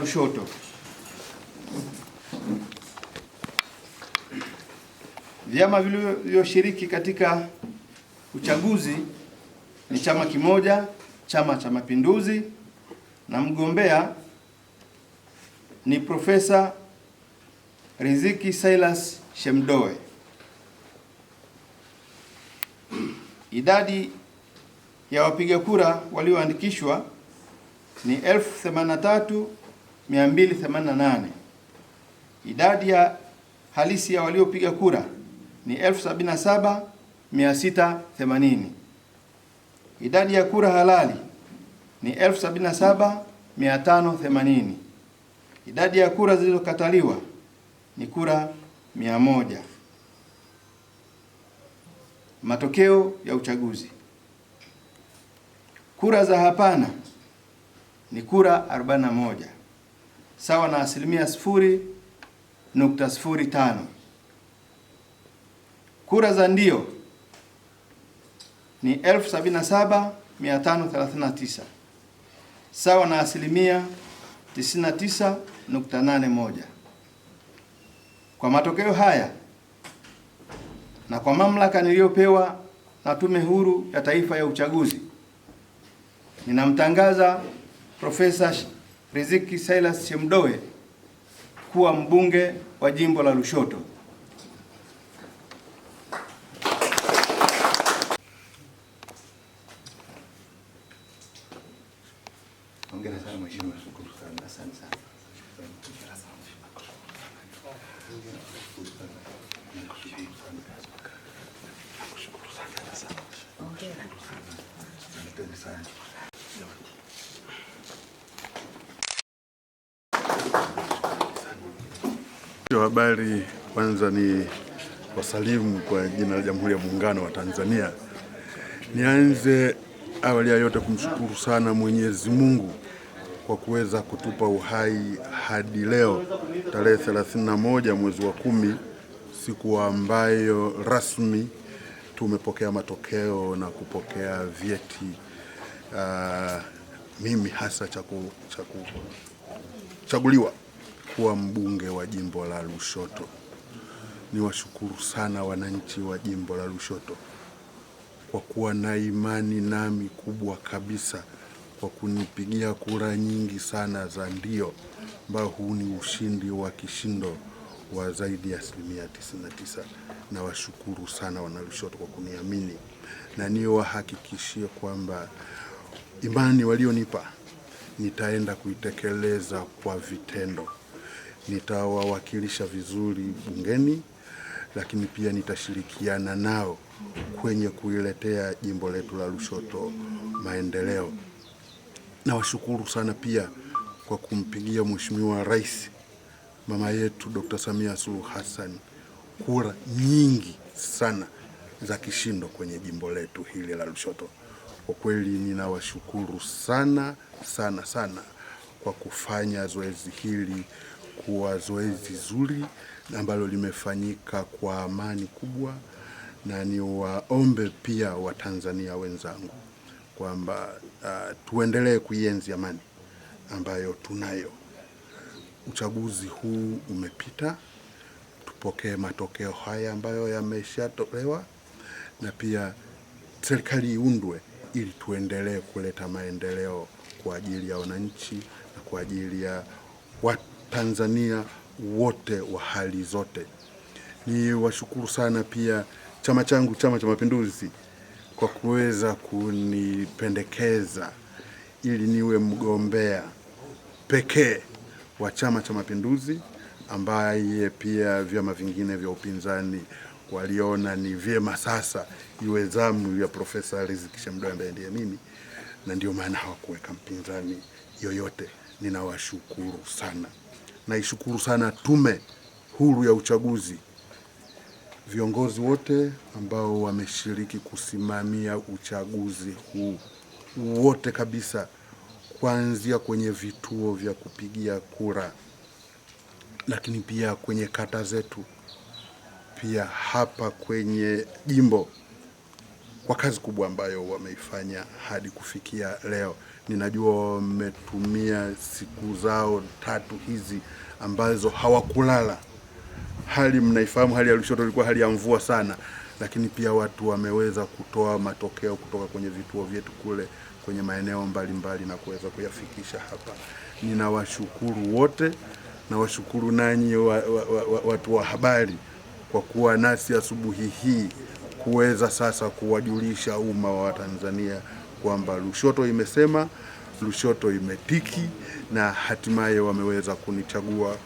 kushoto. vyama vilivyoshiriki katika uchaguzi ni chama kimoja, Chama cha Mapinduzi, na mgombea ni Profesa Riziki Silas Shemdoe. Idadi ya wapiga kura walioandikishwa ni elfu themanini na tatu 288. Idadi ya halisi ya waliopiga kura ni 77680. Idadi ya kura halali ni 77580. Idadi ya kura zilizokataliwa ni kura 100. Matokeo ya uchaguzi. Kura za hapana ni kura 41 sawa na asilimia sifuri nukta sifuri tano. Kura za ndio ni 77539 sawa na asilimia 99.81. Kwa matokeo haya na kwa mamlaka niliyopewa na Tume Huru ya Taifa ya Uchaguzi, ninamtangaza Profesa Riziki Silas chemdoe kuwa mbunge wa jimbo la Lushoto. Wa habari, kwanza ni wasalimu kwa jina la Jamhuri ya Muungano wa Tanzania. Nianze awali ya yote kumshukuru sana Mwenyezi Mungu kwa kuweza kutupa uhai hadi leo tarehe 31 mwezi wa kumi, siku ambayo rasmi tumepokea matokeo na kupokea vyeti. Uh, mimi hasa cha kuchaguliwa kuwa mbunge wa jimbo la Lushoto. Niwashukuru sana wananchi wa jimbo la Lushoto kwa kuwa na imani nami kubwa kabisa, kwa kunipigia kura nyingi sana za ndio, ambao huu ni ushindi wa kishindo wa zaidi ya asilimia 99. Nawashukuru sana wanalushoto kwa kuniamini, na niwahakikishie kwamba imani walionipa nitaenda kuitekeleza kwa vitendo nitawawakilisha vizuri bungeni, lakini pia nitashirikiana nao kwenye kuiletea jimbo letu la Lushoto maendeleo. Nawashukuru sana pia kwa kumpigia Mheshimiwa Rais mama yetu Dr. Samia Suluhu Hassan kura nyingi sana za kishindo kwenye jimbo letu hili la Lushoto. Kwa kweli ninawashukuru sana sana sana kwa kufanya zoezi hili kuwa zoezi zuri ambalo limefanyika kwa amani kubwa, na ni waombe pia Watanzania wenzangu kwamba uh, tuendelee kuienzi amani ambayo tunayo. Uchaguzi huu umepita, tupokee matokeo haya ambayo yameshatolewa, na pia serikali iundwe ili tuendelee kuleta maendeleo kwa ajili ya wananchi na kwa ajili ya watu Tanzania wote wa hali zote. Ni washukuru sana pia chama changu, Chama cha Mapinduzi, kwa kuweza kunipendekeza ili niwe mgombea pekee wa Chama cha Mapinduzi, ambaye pia vyama vingine vya upinzani waliona ni vyema sasa iwe zamu ya Profesa Riziki Shemdoe ambaye ndiye mimi, na ndio maana hawakuweka mpinzani yoyote. Ninawashukuru sana. Naishukuru sana Tume Huru ya Uchaguzi, viongozi wote ambao wameshiriki kusimamia uchaguzi huu wote kabisa, kuanzia kwenye vituo vya kupigia kura, lakini pia kwenye kata zetu, pia hapa kwenye jimbo, kwa kazi kubwa ambayo wameifanya hadi kufikia leo ninajua wametumia siku zao tatu hizi ambazo hawakulala. Hali mnaifahamu, hali ya Lushoto ilikuwa hali ya mvua sana, lakini pia watu wameweza kutoa matokeo kutoka kwenye vituo vyetu kule kwenye maeneo mbalimbali mbali na kuweza kuyafikisha hapa. Ninawashukuru wote, nawashukuru nanyi wa, wa, wa, watu wa habari kwa kuwa nasi asubuhi hii kuweza sasa kuwajulisha umma wa Tanzania kwamba Lushoto imesema, Lushoto imetiki na hatimaye wameweza kunichagua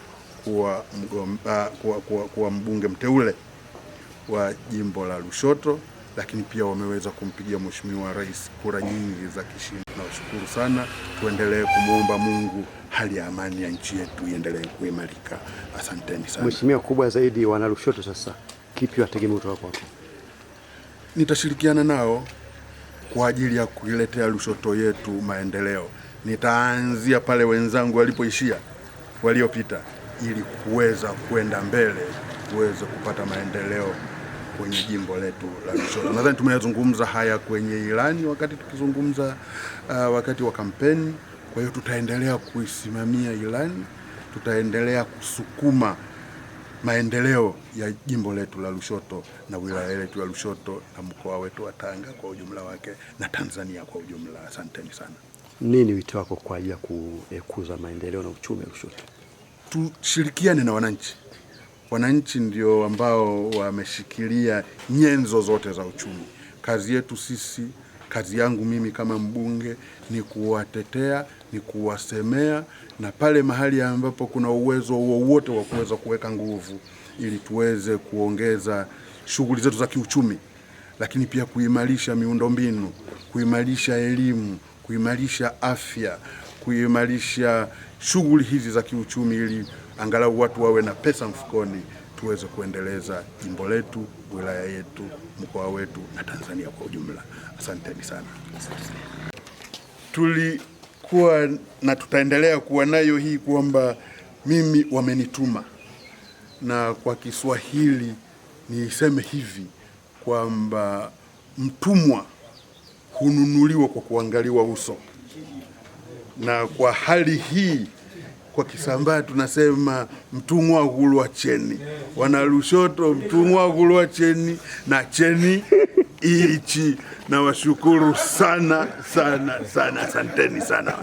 kuwa, mgomba, ah, kuwa, kuwa, kuwa mbunge mteule wa jimbo la Lushoto, lakini pia wameweza kumpigia mheshimiwa rais kura nyingi za kishindo. Nawashukuru sana, tuendelee kumwomba Mungu hali ya amani ya nchi yetu iendelee kuimarika. Asanteni sana. Mheshimiwa, kubwa zaidi wana Lushoto, sasa kipi wategemea kutoka kwako? Nitashirikiana nao kwa ajili ya kuiletea Lushoto yetu maendeleo. Nitaanzia pale wenzangu walipoishia waliopita, ili kuweza kwenda mbele, kuweza kupata maendeleo kwenye jimbo letu la Lushoto. Nadhani tumeyazungumza haya kwenye ilani wakati tukizungumza uh, wakati wa kampeni. Kwa hiyo tutaendelea kuisimamia ilani, tutaendelea kusukuma maendeleo ya jimbo letu la Lushoto na wilaya letu ya Lushoto na mkoa wetu wa Tanga kwa ujumla wake na Tanzania kwa ujumla. Asanteni sana. Nini wito wako kwa ajili ya kukuza maendeleo na uchumi wa Lushoto? Tushirikiane na wananchi. Wananchi ndio ambao wameshikilia nyenzo zote za uchumi. Kazi yetu sisi Kazi yangu mimi kama mbunge ni kuwatetea, ni kuwasemea, na pale mahali ambapo kuna uwezo wowote wa kuweza kuweka nguvu ili tuweze kuongeza shughuli zetu za kiuchumi, lakini pia kuimarisha miundombinu, kuimarisha elimu, kuimarisha afya, kuimarisha shughuli hizi za kiuchumi ili angalau watu wawe na pesa mfukoni tuweze kuendeleza jimbo letu, wilaya yetu, mkoa wetu na Tanzania kwa ujumla. Asanteni sana. Tulikuwa na tutaendelea kuwa nayo hii kwamba mimi wamenituma, na kwa Kiswahili niseme hivi kwamba mtumwa hununuliwa kwa kuangaliwa uso, na kwa hali hii kwa Kisambaa tunasema mtumwa akulwa cheni, Wanalushoto mtumwa akulwa cheni na cheni ichi. Nawashukuru sana sana sana, asanteni sana.